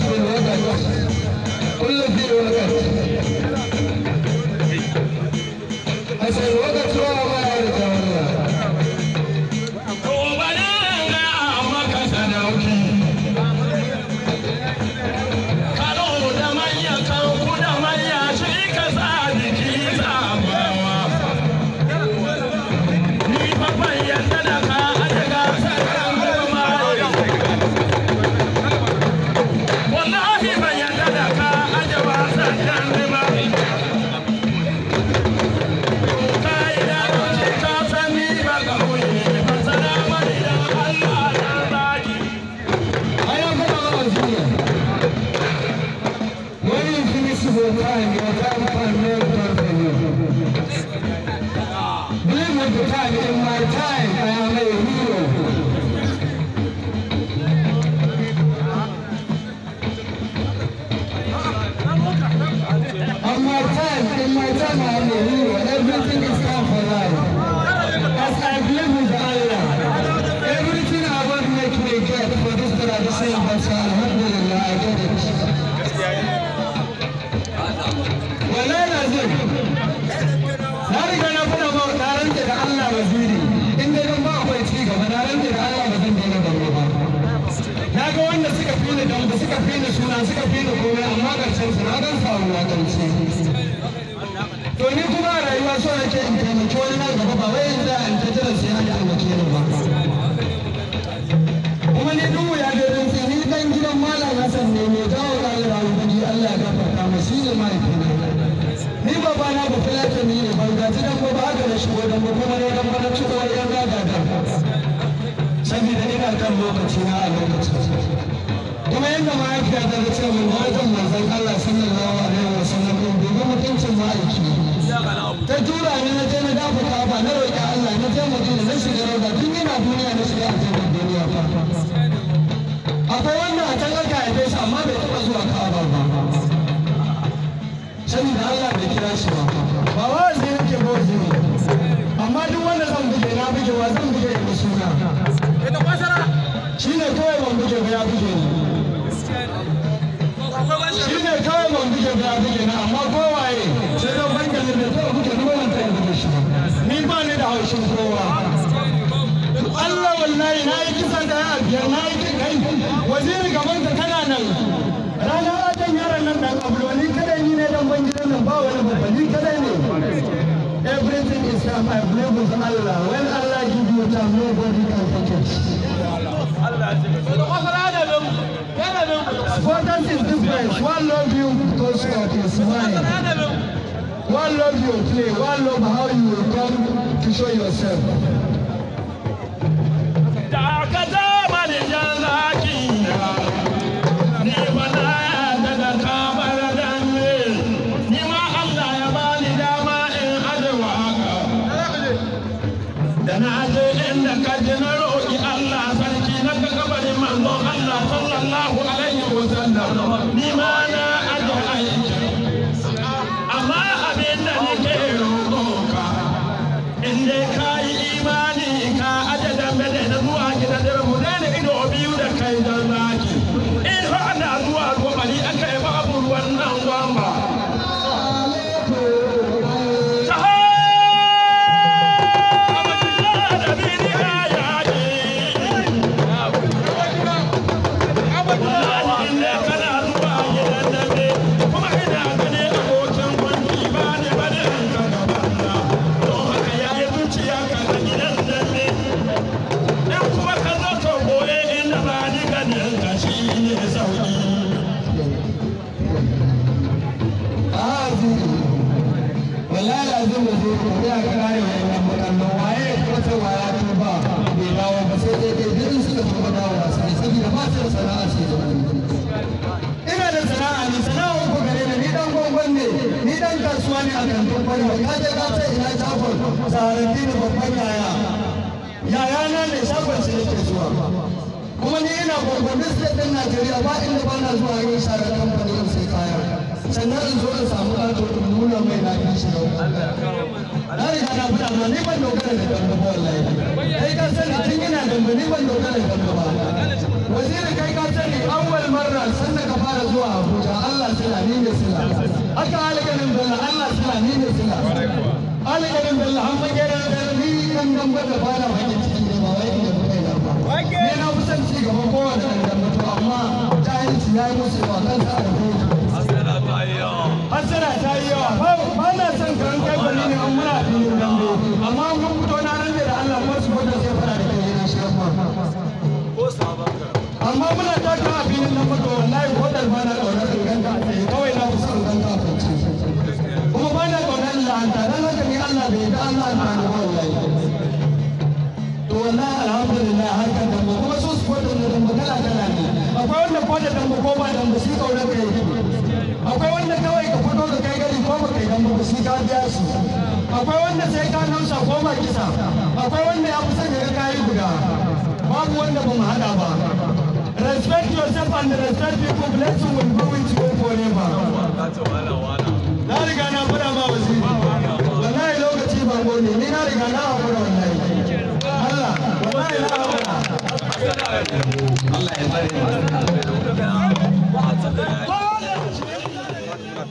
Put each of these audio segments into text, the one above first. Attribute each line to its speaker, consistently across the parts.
Speaker 1: Thank you. time, your the time in my time. ne kawai ban buge ba ya buge ne zan ni shi na yi da biyar na yi waziri ka nan ranar ajan nan ne dan ban gidan nan ba wani babbali kadai ne everything is done by believers Allah when Allah you time nobody can
Speaker 2: Supporters is different.
Speaker 1: One love you because of your smile. One love you, play. One love how you will come to show yourself. na ta na faɗa ma ni ban dogara da dambe ba wallahi kai ka sani tun yana dambe ni ban dogara da waziri kai ka sani awwal marra san da ka fara zuwa Abuja Allah sila ni ne sila aka alƙalin bella Allah sila ni ne sila alƙalin bella an magana da ni kan dambe da fara cikin da wai da kai ba na kusan ci gaba kowane dan dambe to amma jahilci musu ba kansa
Speaker 3: da ta yi yawa
Speaker 1: hasara ta yi yawa alƙawari ne an muna filin dambe amma mun fito na nan da Allah ko su fito sai fara da kai yana shi amma muna taka a filin dambe to wallahi ko da ba na ƙaura ganka a tsaye kawai na kusa ganka a kwance kuma ba na ƙaura la'anta dan haka ne Allah bai da Allah ta ne wallahi to wallahi alhamdulillah harkar dambe kuma su su fito da dambe kala kala ne akwai wanda ko da dambe ko ba dambe shi ƙaura kai akwai wanda kawai nan biya shi akwai wanda sai ka nausa ko ba kisa akwai wanda ya fi son ya ga kayi guda babu wanda ba mu hada ba respect yourself and respect people blessing will go with you forever na riga na fara ma wasi wallahi lokaci ba ne ni na riga na hakura wallahi Allah wallahi na hakura
Speaker 4: Allah ya bari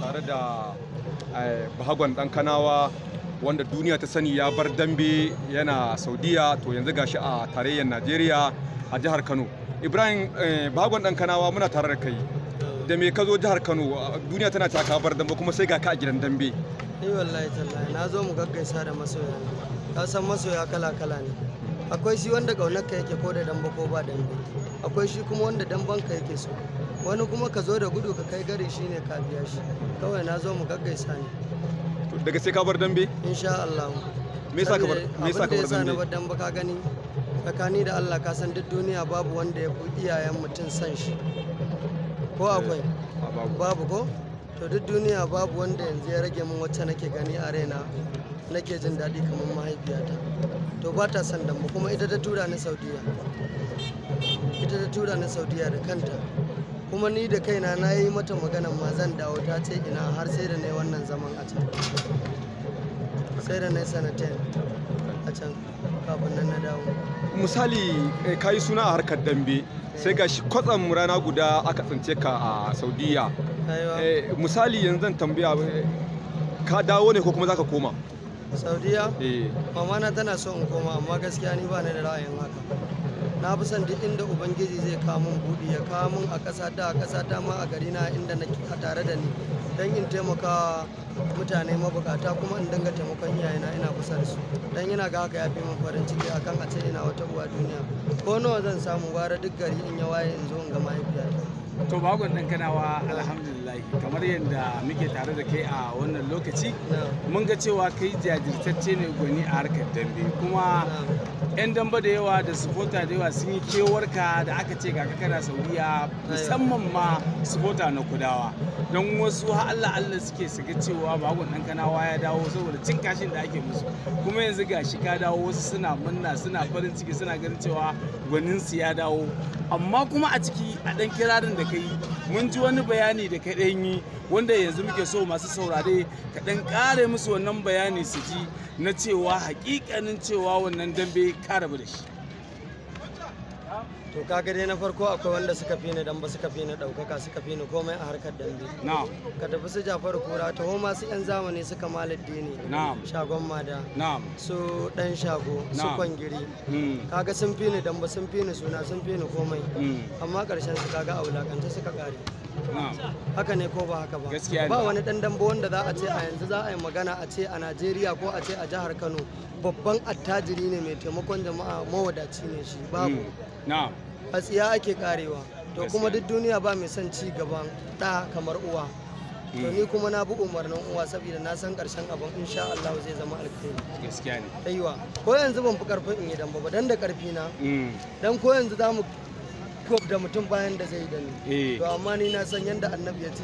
Speaker 4: tare da bahagon dan kanawa wanda duniya ta sani ya bar dambe yana saudiya to yanzu gashi a tarayyar najeriya a jihar kano ibrahim eh, bahagon dan kanawa muna tare da kai da me ka zo jihar kano duniya tana taka bar dambe kuma sai ga ka a gidan dambe ni
Speaker 5: eh, wallahi tallahi na zo mu gaggaisa da masoya ka san masoya kala kala ne akwai shi wanda kaunar ka yake ko da damba ko ba dambe akwai shi kuma wanda damban ka yake so wani kuma ka zo da gudu ka kai gari ne ka biya shi kawai na zo mu gaggaisa ne
Speaker 4: daga sai ka bar dambe insha Allah me yasa ka
Speaker 5: bar me yasa ka bar dambe abin dambe ka gani tsakani da Allah ka san duk duniya babu wanda ya fi iyayen mutum san shi ko eh, akwai babu ko to duk duniya babu wanda yanzu ya rage min wacce nake gani a raina nake jin daɗi kamar mahaifiyata to ba ta son dambe kuma ita ta tura ni saudiya ita ta tura ni saudiya da kanta kuma ni da kaina na yi mata maganan ma zan dawo ta ce ina har sai da na yi wannan zaman a can sai da na yi sanatain a can kafin nan na dawo
Speaker 4: misali eh, ka yi suna a harkar dambe sai ga shi kwatsam rana guda aka tsince ka a saudiya eh, misali yanzu zan tambaya eh, ka dawo ne ko kuma za ka koma saudiya
Speaker 5: mamana na tana so in koma amma gaskiya ni ba ni da ra'ayin haka na fi son duk inda ubangiji zai kamun buɗi ya kamun a ƙasa ta a ƙasa ta ma a gari na inda na a tare da ni don in taimaka mutane mabukata kuma in dinga taimakon iyayena ina kusa da su don yana ga haka ya fi min farin ciki akan a ce ina wata uwa duniya ko nawa zan samu gwara duk gari
Speaker 2: in ya waye in zo in ga mahaifiya to bagon ɗin kanawa alhamdulillah kamar yadda muke tare da kai a wannan lokaci mun ga cewa kai jajirtacce ne gwani a harkar dambe kuma 'yan damba da yawa da supporter da yawa sun yi kewarka da aka ce ga kana saudiya musamman ma supporter na kudawa don wasu har allah allah suke su ga cewa bagon ɗan kanawa ya dawo saboda cin kashin da ake musu kuma yanzu ga shi ka dawo wasu suna murna suna farin ciki suna ganin cewa gwaninsu ya dawo amma kuma a ciki a ɗan kirarin da ka yi mun ji wani bayani da ka ɗan yi wanda yanzu muke so masu saurare ka ɗan ƙare musu wannan bayani su ji na cewa hakikanin cewa wannan dambe ka rabu da shi to kaga dai na
Speaker 5: farko akwai wanda suka fi ni dan ba suka fi ni daukaka suka fi ni komai a harkar dambe na'am ka tafi su Jafaru Kura ho masu yan zamani suka Kamal Addini na'am shagon Mada na'am su dan shago su Kwangiri hmm. kaga sun fi ni dan ba sun fi ni suna sun fi ni komai hmm. amma karshen su kaga a wulakanta suka kare haka ne ko ba haka ba ba wani dan dambo wanda za a ce a yanzu za a yi magana a ce a Najeriya ko a ce a jihar Kano babban attajiri ne mai taimakon jama'a mawadaci ne shi babu
Speaker 2: hmm. na'am
Speaker 5: a tsiya ake karewa to kuma duk duniya ba mai son ci gaban ɗa kamar uwa to eh. ni kuma na bi umarnin uwa saboda na san karshen abin insha Allah zai zama alkhairi gaskiya ne aiwa ko yanzu ban fi karfin in yi dan ba dan da karfi na mm. dan ko yanzu zamu kof da mutum bayan da zai da ni eh. to amma ni na san yanda annabi ya ce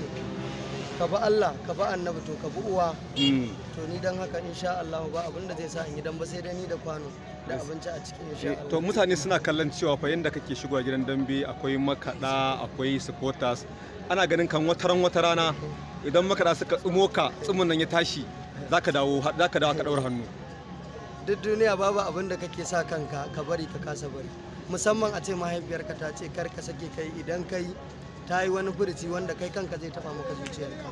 Speaker 5: ka bi Allah ka bi annabi to ka bi uwa mm. to ni dan haka insha Allah ba abin da zai sa in dan ba sai dai ni da kwano da abinci a cikin insha eh, Allah to mutane
Speaker 4: suna kallon cewa fa yanda kake shigowa gidan dambe akwai makada akwai supporters ana ganin kan wataran wata rana idan makada suka tsumo ka tsumin nan ya tashi zaka dawo zaka dawo ka daura hannu
Speaker 5: duk duniya babu abin da kake sa kanka ka bari ka kasa bari musamman a ce mahaifiyarka ta ce kar ka sake kai idan kai ta yi wani furuci wanda kai kanka zai taba maka zuciyarka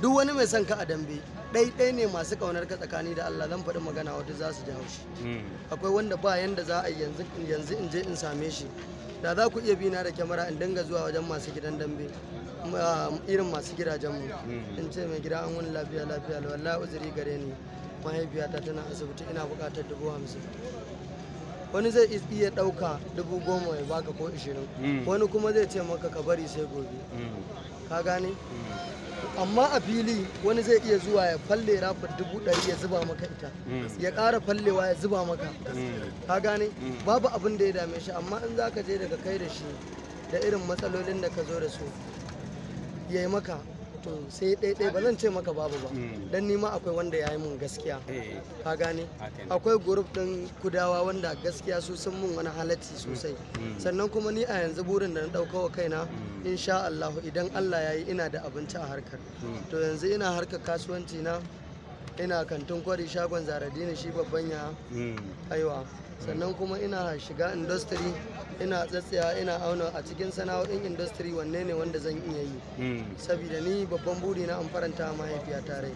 Speaker 5: duk wani mai son ka a dambe ɗai ne masu ƙaunar ka tsakani da Allah zan faɗi magana wata za su ji haushi hmm. akwai wanda ba yanda za a yi yanzu in je in same shi da za ku iya bina da kyamara in dinga zuwa wajen masu gidan dambe irin masu gidajen mu
Speaker 3: hmm. in
Speaker 5: ce mai gida an wani lafiya lafiya wallahi uzuri gare ni mahaifiyata tana asibiti ina buƙatar dubu hamsin wani zai iya ɗauka dubu goma ya baka ko ishirin mm. wani kuma zai ce maka ka bari sai gobe mm. ka gane mm. amma a fili wani zai iya zuwa ya falle rafa dubu ɗari ya zuba maka ita ya ƙara fallewa ya zuba maka ka gane babu abin da ya dame shi amma in za ka je daga kai da shi da irin matsalolin da ka zo da su ya yi maka to sai ɗaya ba zan ce maka babu ba hmm. dan nima akwai wanda ya yi mun gaskiya eh. ka gane akwai group ɗin kudawa wanda gaskiya su sun mun wani halatti hmm. sosai hmm. sannan kuma ni a yanzu burin da na ɗauka wa kaina insha Allah idan Allah ya yi ina da abinci a harkar to yanzu ina harkar kasuwanci na ina kantin kwari shagon zaradini shi babban ya hmm. aiwa hmm. sannan kuma ina shiga industry ina tsatsaya ina auna a cikin sana'o'in industry wanne ne wanda zan iya yi hmm. saboda ni babban buri na an faranta mahaifiya tare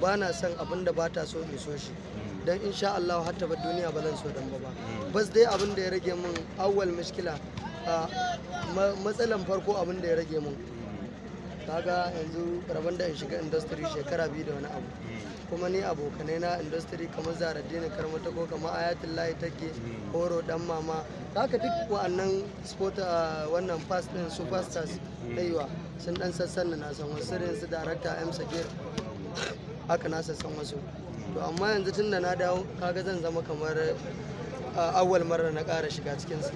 Speaker 5: ba na son abin da ba ta so in so shi don insha Allah har tabar duniya ba zan so dan ba ba bas dai abin da ya rage min awwal mishkila matsalan farko abin da ya rage min kaga yanzu rabon da in shiga industry shekara biyu da wani abu kuma ni abokanai na industry kamar zaradini karmata ko kamar ayatul lahi take horo dan mama haka duk wa'annan sport wannan fast din su fasters daiwa sun dan sassan na san wasu su darakta m sagir haka na sassan wasu to amma yanzu tun da na dawo kaga zan zama kamar awwal mara na kara shiga cikin su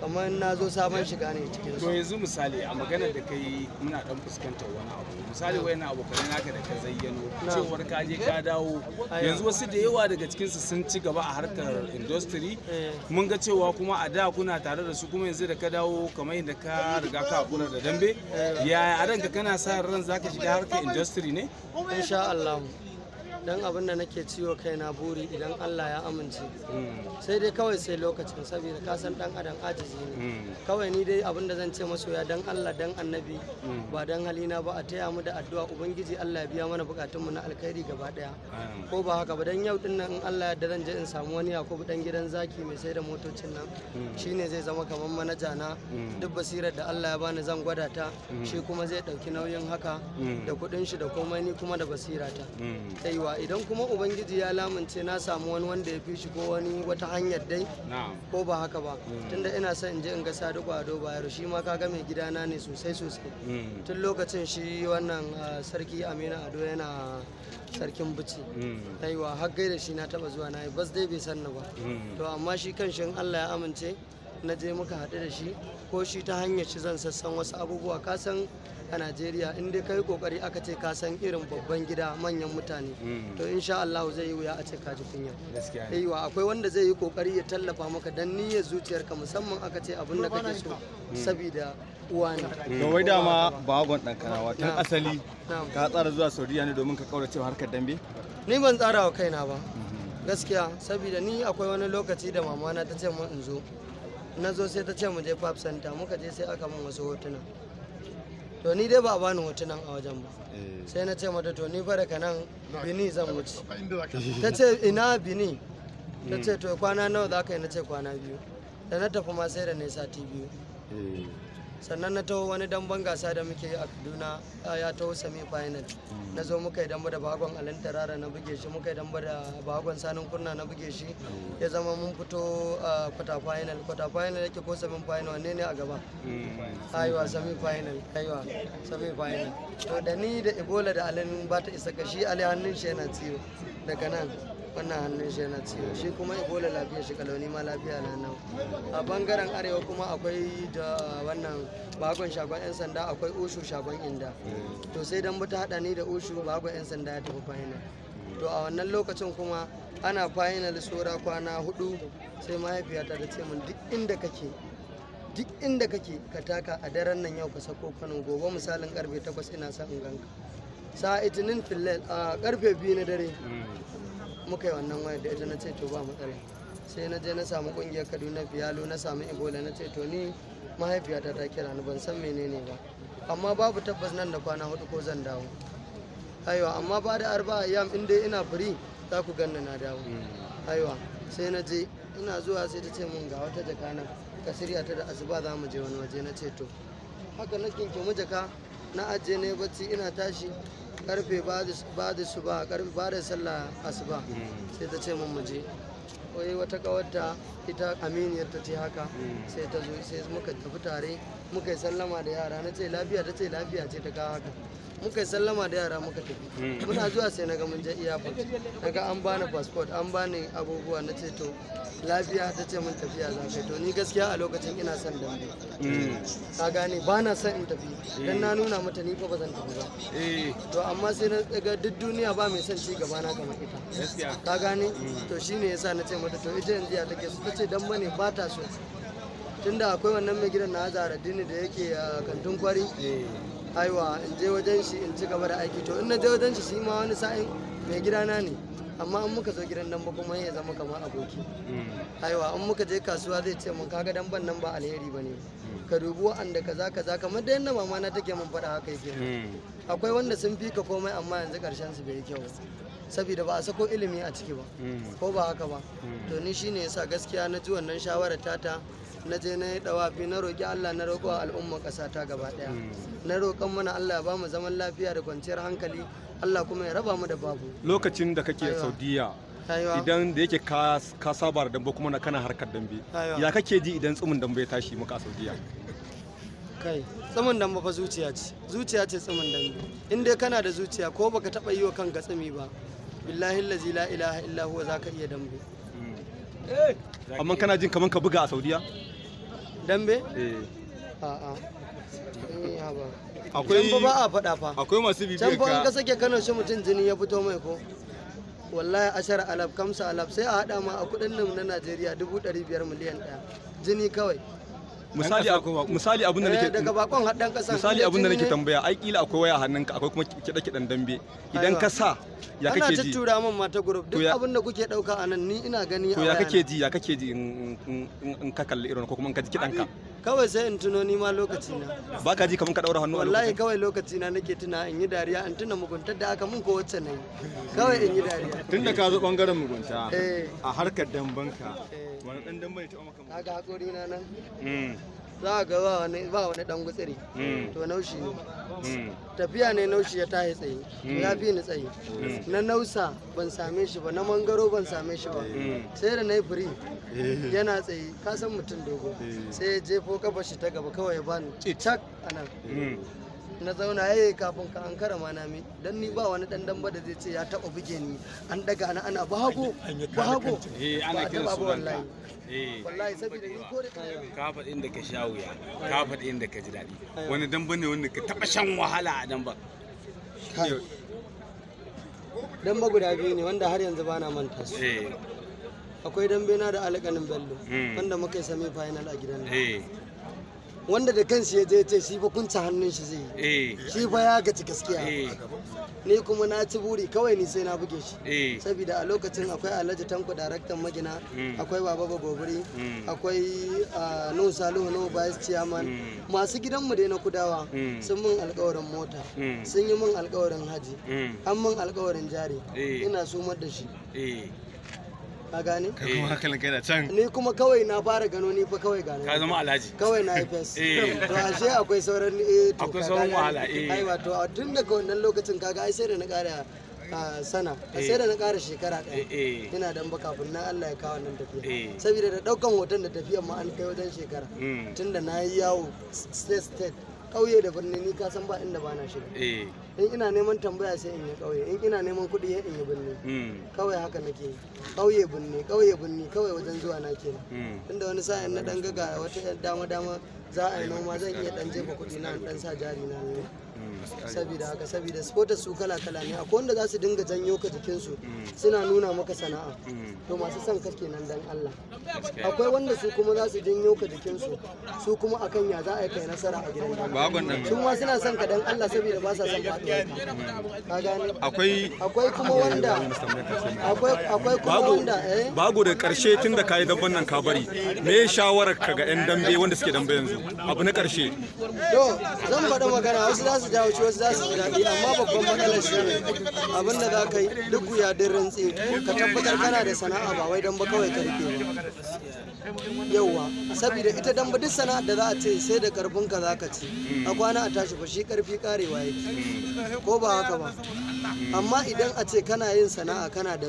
Speaker 5: kamar na zo sabon shiga ne cikin to
Speaker 2: yanzu misali a maganar da kai muna dan fuskantar wani abu misali wayan abokan naka da ka zayyano cewar ka je ka dawo yanzu wasu da yawa daga cikin su sun ci gaba a harkar industry eh. mun ga cewa kuma a da kuna tare da su kuma yanzu da ka dawo kamar yadda ka riga ka kula da dambe eh. yaya a ranka kana sa ran zaka shiga harkar industry ne insha Allah
Speaker 5: dan abin da nake ciwo kaina buri idan Allah ya amince hmm. sai dai kawai sai lokacin saboda ka san dan adam ajiji ne hmm. kawai ni dai abin da zan ce ya dan Allah dan annabi hmm. ba dan halina ba a taya mu da addu'a ubangiji Allah ya biya mana bukatun mu na alkhairi gaba daya ko ba haka ba dan yau din nan in Allah ya da zan je in samu wani Yakubu dan gidan zaki mai sai da motocin nan shine zai zama kamar manaja na duk basirar da Allah ya bani zan gwada ta shi kuma zai dauki nauyin haka da kudin shi da komai ni kuma da basirata ta idan kuma ubangiji ya lamunce na samu wani wanda ya fi shi ko wani wata hanyar dai ko ba haka ba hmm. tunda ina son in je in ga sadu ado bayero shi ma kaga mai gidana ne sosai sosai hmm. tun lokacin shi wannan ah, sarki aminu ado yana sarkin bici hmm. aiwa har da shi na taba zuwa na yi bas dai bai sanna ba to amma shi kan shi allah ya amince na je muka haɗu da shi ko shi ta hanyar shi zan sassan wasu abubuwa kasan a najeriya in dai kai kokari aka ce ka san irin babban gida manyan mutane mm. to insha Allah zai yi wuya a ce ka ji kunya aiwa akwai wanda zai yi kokari ya tallafa maka dan niyyar zuciyarka musamman aka ce abin da kake so mm. saboda uwani
Speaker 4: mm. to wai dama
Speaker 2: bagon dan kanawa tun asali
Speaker 4: ka tsara zuwa Saudiya ne domin ka cewa harkar dambe ni ban tsara wa kaina ba mm-hmm. gaskiya
Speaker 5: saboda ni akwai wani lokaci da mamana ta ce mun in zo na zo sai ta ce mu je pap center muka je sai aka mun wasu hotuna to ni dai ba a bani hotunan a wajen ba eh. sai na ce mata to ni fa daga nan bini zan wuce ta ce ina bini ta hmm. ce to kwana nawa za ka yi na ce kwana biyu da na tafi ma sai da nesa sati biyu eh. sannan na taho wani damban gasa da muke a kaduna ya taho semi final na zo muka yi damba da bagon tarara na buge shi muka yi damba da bagon sanin kurna na buge shi ya zama mun fito a kwata final kwata final yake ko semi final wanne ne a gaba hmm. aiwa semi final aiwa semi final to da ni da ebola da alin ba ta isa kashi ali hannun shi yana ciwo daga nan fannin hannun shi yana ciwo shi kuma ebola lafiya shi kalauni ma lafiya na nan a bangaren arewa kuma akwai da wannan bagon shagon yan sanda akwai ushu shagon inda to sai dan ta hada ni da ushu bagon yan sanda ya tafi final to a wannan lokacin kuma ana final tsora kwana hudu sai mahaifiyata ta ce min duk inda kake duk inda kake ka taka a daren nan yau ka sako kano gobe misalin karfe 8 ina sa in ganka sa itinin fillet a karfe 2 na dare
Speaker 3: mm.
Speaker 5: muka yi wannan wayar da ita na ce to ba matsala sai na je na samu kungiyar kaduna fiyalo na samu ebola na ce to ni mahaifiyata ta kira ni ban san menene ba amma babu tabbas nan da kwana hudu ko zan dawo aiwa amma ba da arba yam in dai ina firi za ku ganna na dawo hmm. aiwa sai na je ina zuwa sai ta ce mun ga wata jaka nan ka shirya ta da asuba za mu je wani waje na ce to haka na kinkimu jaka na ajiye na bacci ina tashi karfe ba da su ba karfe ba da sallah asuba hmm. sai ta ce mun muje wai wata kawarta ita aminiyar ta ce haka hmm. sai ta zo sai muka tafi tare muka yi sallama da yara na ce lafiya ta ce lafiya ce ta kawo haka muka yi sallama da yara muka tafi hmm. muna zuwa sai na ga mun je airport ga an bani passport an bani abubuwa na ce to lafiya ta ce mun tafiya za ka to ni gaskiya a lokacin ina son dambe hmm. ka gane ba na son in tafi hmm. dan na nuna mata ni fa ba zan tafi ba eh. to amma sai na daga duk duniya ba mai son ci gaba na kamar
Speaker 3: ita
Speaker 5: ka gane to shine yasa na ce mata to ita yanzu ya take su tace dan bane ba ta so tunda akwai wannan mai gidan na dini da yake a kantin kwari eh. aiwa in je wajen shi in ci gaba da aiki to in na je wajen shi shi ma wani sa'in mai gidana ne amma in muka zo gidan nan ba kuma ya zama kamar aboki aiwa in muka je kasuwa zai ce mun kaga dan ban nan ba alheri bane ka dubi wa'anda kaza kaza kamar da yanda mama na take mun faɗa haka yake akwai wanda sun fi ka komai amma yanzu karshen su bai kyau saboda ba a sako ilimi a ciki ba ko ba haka ba to ni shine yasa gaskiya na ji wannan shawara tata na je na yi dawafi na roƙi Allah na roƙo al'umma ƙasa ta gaba ɗaya hmm. na roƙon mana Allah ya ba mu zaman lafiya da kwanciyar hankali Allah kuma ya raba mu da babu
Speaker 4: lokacin da kake Saudiya idan da yake ka saba da dambe kuma na kana harkar dambe ya kake ji idan tsumin dambe ya tashi muka a Saudiya
Speaker 5: kai tsumin dambe fa zuciya ce zuciya ce tsumin dambe in dai kana da zuciya ko baka taba yi wa kanka tsumi ba billahi allazi la ilaha illa huwa zaka iya dambe hmm.
Speaker 4: amma kana jin kaman ka buga a Saudiya dambe eh.
Speaker 5: a'a eh, akwai ba
Speaker 4: a faɗa fa akwai masu bibiyar ka can fa
Speaker 5: ka kano shi mutum jini ya fito mai ko wallahi ashar alaf kamsa alaf sai a hada ma a kudin nan na najeriya dubu dari biyar miliyan daya jini kawai
Speaker 4: misali misali abin da eh, nake tambaya ai kila akwai waya hannunka akwai kuma kida kidan dambe idan ka sa ya kake ji ana tura
Speaker 5: min mata group duk abin da kuke dauka anan ni ya kake
Speaker 4: ji ji in ka kalli irin ko kuma in ka ji kidan ka
Speaker 5: kawai sai in tuno ni ma lokaci na ba ka
Speaker 4: ji kamar ka daura hannu wallahi
Speaker 5: kawai lokaci na nake tuna in yi dariya in tuna muguntar da aka mun ko wacce ne kawai in yi dariya
Speaker 4: tunda ka zo bangaren mugunta eh. a harkar dambanka
Speaker 5: eh. wani dan dambe ne ta maka ga hakuri na nan hmm. za ga ba wani dan gutsiri hmm. to naushi ne hmm. tafiya ne naushi ya tahi tsaye hmm. ya fi ni tsaye na nausa ban same shi ba na mangaro ban same shi ba sai da na yi firi eh. yana tsaye ka san mutum dogo eh. sai ya jefo kafa shi ta gaba kawai ya bani cak anan na zauna yayi eh, kafin ka an kara mana mi dan ni ba wani dan damba da zai ce ya taba buge ni an daga na ana bahago bahago eh ana kira sunan
Speaker 2: eh. wallahi saboda ni ko da ka faɗi inda ka sha wuya ka faɗi inda ka ji daɗi wani damba ne wanda ka taba shan wahala a damba
Speaker 5: damba guda biyu ne wanda har yanzu bana manta su eh. akwai dambe na da alƙanin bello hmm. wanda muka yi semi final a gidan
Speaker 3: nan
Speaker 5: wanda da kansu ya je ce shi fa kunta hannun shi zai yi eh. shi fa ya gaci gaskiya eh. ni kuma na ci buri kawai ni sai na buge shi eh. saboda a lokacin akwai alhaji tanko daraktan magina hmm. akwai baba gobiri, hmm. akwai ah, nuhu salihu nuhu bayis ciyaman hmm. masu gidanmu dai na kudawa sun min alkawarin mota sun yi min alkawarin haji an min alkawarin jari ina sumar da shi ka gane
Speaker 2: kai kuma eh. hankalin kai da can
Speaker 5: ni kuma kawai na fara gano ni fa kawai gano
Speaker 2: ka zama alhaji kawai na yi fes eh. to ashe akwai
Speaker 5: sauran eh to akwai sauran wahala eh ai wato tun daga wannan lokacin kaga ai sai da na kare sana a sai da na kare shekara ɗaya eh, ina dan ba kafin na Allah ya kawo nan
Speaker 3: tafiya saboda da
Speaker 5: ɗaukan hoton da tafiyan ma an kai wajen shekara
Speaker 3: hmm. tunda
Speaker 5: na yi yawo state state kauye da birni ni ka san ba inda ba na shiga eh. in ina neman tambaya sai in yi ƙauye in ina neman kuɗi sai in yi birni hmm. kawai haka nake ƙauye birni ƙauye birni kawai wajen zuwa na ke inda hmm. wani sa'in na dan gaga wata dama dama za a yi noma zan iya dan jefa kuɗi na dan sa jari na saboda haka saboda sports su kala kala ne akwai wanda za su dinga janyo ka jikin su suna nuna maka sana'a to masu son ka kenan dan Allah akwai wanda su kuma za su janyo ka jikin su kuma akan ya za a kai nasara a gidan su ma suna son ka dan Allah saboda ba sa son faɗuwa
Speaker 4: ka
Speaker 5: gane akwai
Speaker 4: akwai kuma wanda akwai
Speaker 5: akwai kuma wanda eh
Speaker 4: bago da karshe tunda kai dabban nan ka bari me shawarar ka ga yan dambe wanda suke dambe yanzu abu na karshe
Speaker 5: to zan faɗa magana wasu za su jawo wasu za su daɗi amma babban matsalar shi ne abin da za ka yi duk wuya din rantse ka tabbatar kana da sana'a ba wai dan ba kawai rike ba yauwa saboda ita dan ba duk sana'a da za a ce sai da karfin ka za ka ci a kwana a tashi ba shi karfi karewa yake ko ba haka ba amma idan a ce kana yin sana'a kana da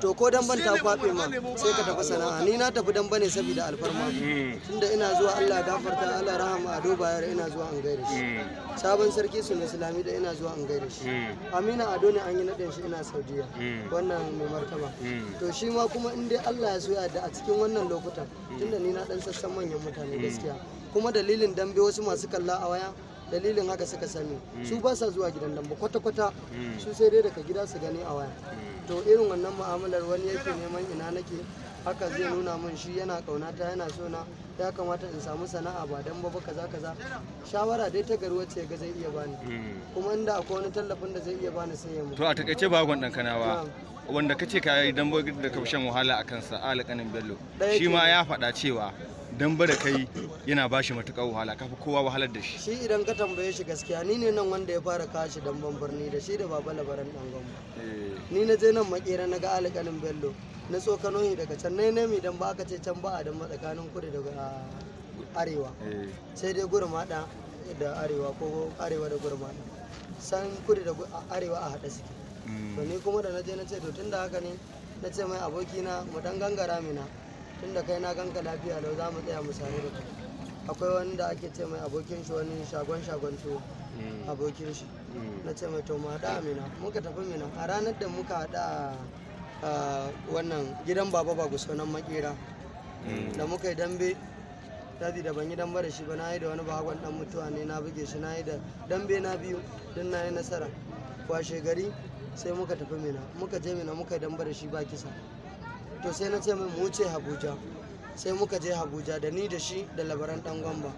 Speaker 4: to ko dan ban ta kwabe ma
Speaker 5: sai ka tafi sana'a ni na tafi dan bane saboda alfarma mm. tunda ina zuwa Allah gafarta Allah rahama ado bayar ina zuwa an gaire shi mm. sabon sarki su islami da ina zuwa an gaire shi mm. amina ado ne an yi nadin shi ina saudiya wannan mai martaba to shi ma kuma in dai Allah ya so ya da a cikin wannan lokutan tunda ni na dan sassan manyan mutane gaskiya kuma dalilin dambe wasu masu kalla a waya dalilin haka suka sani hmm. su ba sa zuwa gidan dambe kwata-kwata hmm. su sai dai daga gida su gani a waya hmm. to irin wannan mu'amalar wani yake neman ina nake haka zai nuna min shi yana kaunata yana so na ya kamata in samu sana'a ba dan ba kaza kaza shawara dai ta garuwa ce ga zai iya bani kuma inda akwai wani tallafin da zai iya bani sai ya mu to
Speaker 4: a takaice ba gon dan kanawa wanda kace ka yi dambe da kaushen wahala a kansa alƙanin bello shi ma ya faɗa cewa dan da kai yana ba shi matuƙar wahala kafa kowa wahalar da shi shi
Speaker 5: idan ka tambaye shi gaskiya ni ne nan wanda ya fara kashi damban birni da shi da baba labaran dan gambo eh. ni na je nan makera na ga alƙalin bello na tsokano shi daga can nai nemi dan ba ka ce can ba a dan tsakanin kudu da arewa eh. sai dai gurmada da arewa ko arewa da gurmada san kudu da arewa a haɗa suke mm. to ni kuma da na je na ce to tunda haka ne na ce mai abokina mu dan gangara mina tun da kai na ganka lafiya lau za mu tsaya mu sami da akwai wani da ake ce mai abokin shi wani shagon shagon to mm. abokin shi mm. na ce mai to mu haɗa a mina muka tafi mina a ranar da muka haɗa a wannan gidan baba ba nan makera mm. da muka yi dambe tazi da ban yi dambe da shi ba na yi da wani bagon dan mutuwa ne na buge shi na yi da dambe na biyu don na yi nasara washe gari sai muka tafi mina muka je mina muka yi dambe da shi ba kisa to sai na ce mai mu ce Habuja, sai muka je Habuja da ni da shi da labaran dan gwamba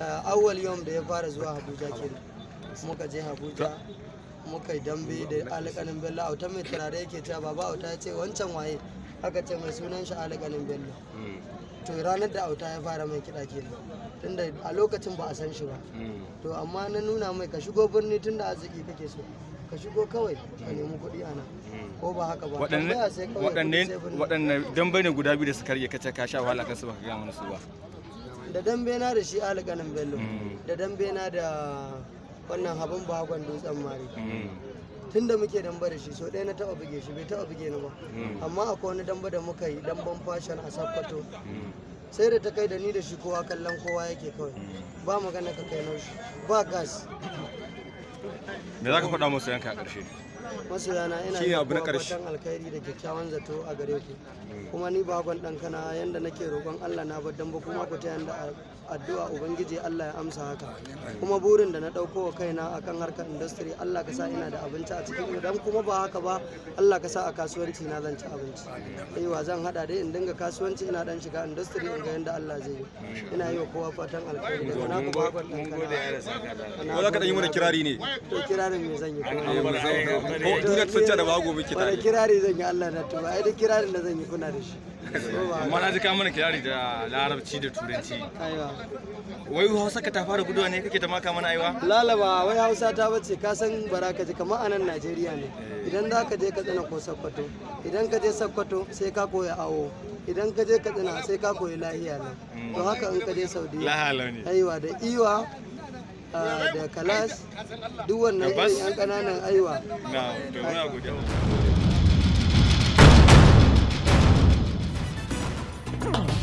Speaker 5: eh, awwal yom da ya fara zuwa Abuja kenan muka je Abuja muka yi dambe da alƙanin bello auta mai turare yake cewa baba auta ya ce wancan waye aka ce mai sunan shi alƙanin bello to ranar da auta ya fara mai kiɗa tun tunda a lokacin ba a san shi ba hmm. to amma na nuna mai ka shigo birni tun da arziki kake so ka shigo kawai ka nemi kuɗi ana
Speaker 4: hmm. ko
Speaker 5: ba haka ba waɗanne
Speaker 4: dambe ne guda biyu da suka rage kace ka sha wahala kan su baka gaya mana su ba
Speaker 5: da dambe na da shi alƙanin bello hmm. da dambe na da wannan habin bakon dutsen mari hmm. tun da muke damba da shi so ɗaya na taɓa buge shi bai taɓa buge ni ba amma akwai wani damba da muka yi damban fashion a sakkwato sai da ta kai da ni da shi kowa kallon kowa yake kawai ba magana ka kai naushi ba gas me za ka faɗa
Speaker 4: musu yanka a ƙarshe
Speaker 5: masoyana ina yi abu na ƙarshe alkhairi da kyakkyawan zato a gare ku kuma ni bagon dan kana yanda nake roƙon Allah na bar dan ba kuma ku ta yanda addu'a ubangiji Allah ya amsa haka kuma burin da na ɗauko wa kaina akan harkar industry Allah ka sa ina da abinci a cikin idan kuma ba haka ba Allah ka sa a kasuwanci na zan ci abinci aiwa zan hada dai in dinga kasuwanci ina dan shiga industry in ga yanda Allah zai yi ina yi wa kowa fatan alkhairi da
Speaker 4: na ku bagon dan kana ko za ka dan yi mana kirari ne to kirarin me zan yi ko duniya ta sanca da bago muke tare wani
Speaker 5: kirari zan yi Allah na tuba ai da kirarin da zan yi kuna da shi
Speaker 4: amma na ji ka mana kirari da larabci da turanci wai hausa ka ta fara guduwa ne kake ta maka mana aiwa
Speaker 5: lalaba wai hausa ta bace ka san bara ka ji kamar anan Najeriya ne idan za ka je ka tsana ko sakkwato idan ka je sakkwato sai ka koya awo idan ka je ka tsana sai ka koyi lahiya nan to haka in ka je Saudiya lahala ne aiwa da iwa Ah, da kalas duk wannan irin yan ƙananan aiwa
Speaker 4: na